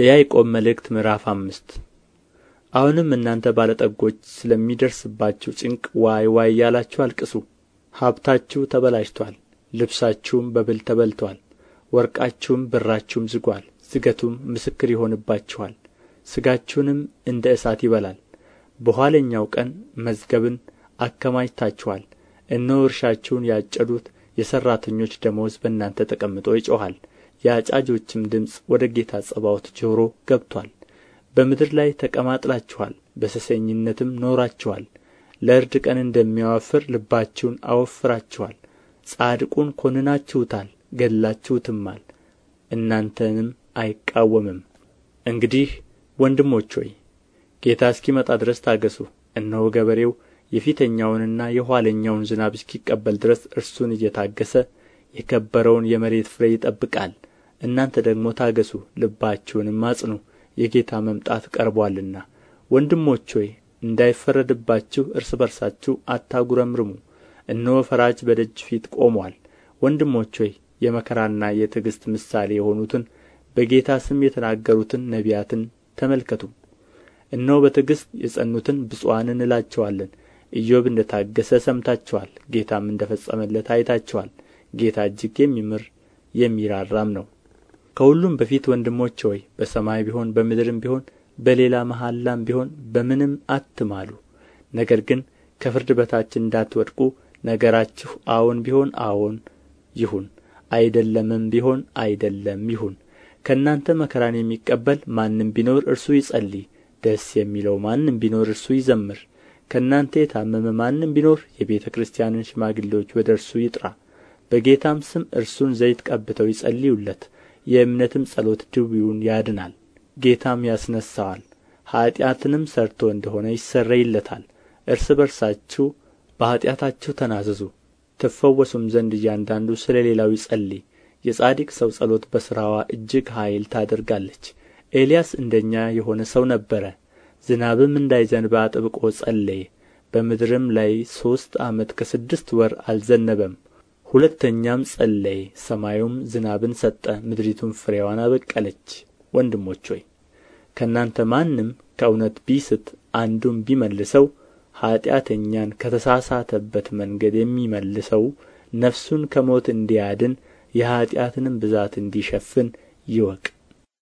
የያዕቆብ መልእክት ምዕራፍ አምስት አሁንም እናንተ ባለጠጎች ስለሚደርስባችሁ ጭንቅ ዋይ ዋይ እያላችሁ አልቅሱ። ሀብታችሁ ተበላሽቶአል፣ ልብሳችሁም በብል ተበልቶአል፣ ወርቃችሁም ብራችሁም ዝጓል፣ ዝገቱም ምስክር ይሆንባችኋል፣ ሥጋችሁንም እንደ እሳት ይበላል። በኋለኛው ቀን መዝገብን አከማችታችኋል። እነሆ እርሻችሁን ያጨዱት የሠራተኞች ደመወዝ በእናንተ ተቀምጦ ይጮኻል። የአጫጆችም ድምፅ ወደ ጌታ ጸባዖት ጆሮ ገብቶአል በምድር ላይ ተቀማጥላችኋል በሰሰኝነትም ኖራችኋል ለእርድ ቀን እንደሚያወፍር ልባችሁን አወፍራችኋል ጻድቁን ኰንናችሁታል ገድላችሁትማል እናንተንም አይቃወምም እንግዲህ ወንድሞች ሆይ ጌታ እስኪመጣ ድረስ ታገሱ እነሆ ገበሬው የፊተኛውንና የኋለኛውን ዝናብ እስኪቀበል ድረስ እርሱን እየታገሰ የከበረውን የመሬት ፍሬ ይጠብቃል እናንተ ደግሞ ታገሡ ልባችሁንም አጽኑ የጌታ መምጣት ቀርቦአልና ወንድሞች ሆይ እንዳይፈረድባችሁ እርስ በርሳችሁ አታጉረምርሙ እነሆ ፈራጅ በደጅ ፊት ቆሞአል ወንድሞች ሆይ የመከራና የትዕግሥት ምሳሌ የሆኑትን በጌታ ስም የተናገሩትን ነቢያትን ተመልከቱ እነሆ በትዕግሥት የጸኑትን ብፁዓን እንላቸዋለን ኢዮብ እንደ ታገሰ ሰምታችኋል ጌታም እንደ ፈጸመለት አይታችኋል ጌታ እጅግ የሚምር የሚራራም ነው ከሁሉም በፊት ወንድሞች ሆይ በሰማይ ቢሆን በምድርም ቢሆን በሌላ መሐላም ቢሆን በምንም አትማሉ ነገር ግን ከፍርድ በታች እንዳትወድቁ ነገራችሁ አዎን ቢሆን አዎን ይሁን አይደለምም ቢሆን አይደለም ይሁን ከእናንተ መከራን የሚቀበል ማንም ቢኖር እርሱ ይጸልይ ደስ የሚለው ማንም ቢኖር እርሱ ይዘምር ከእናንተ የታመመ ማንም ቢኖር የቤተ ክርስቲያንን ሽማግሌዎች ወደ እርሱ ይጥራ በጌታም ስም እርሱን ዘይት ቀብተው ይጸልዩለት የእምነትም ጸሎት ድውዩን ያድናል ጌታም ያስነሣዋል ኀጢአትንም ሠርቶ እንደሆነ ይሰረይለታል እርስ በርሳችሁ በኀጢአታችሁ ተናዘዙ ትፈወሱም ዘንድ እያንዳንዱ ስለ ሌላው ይጸልይ የጻድቅ ሰው ጸሎት በሥራዋ እጅግ ኃይል ታደርጋለች ኤልያስ እንደ እኛ የሆነ ሰው ነበረ ዝናብም እንዳይዘንብ አጥብቆ ጸለየ በምድርም ላይ ሦስት ዓመት ከስድስት ወር አልዘነበም ሁለተኛም ጸለየ ሰማዩም ዝናብን ሰጠ ምድሪቱም ፍሬዋን አበቀለች ወንድሞች ሆይ ከእናንተ ማንም ከእውነት ቢስት አንዱም ቢመልሰው ኀጢአተኛን ከተሳሳተበት መንገድ የሚመልሰው ነፍሱን ከሞት እንዲያድን የኀጢአትንም ብዛት እንዲሸፍን ይወቅ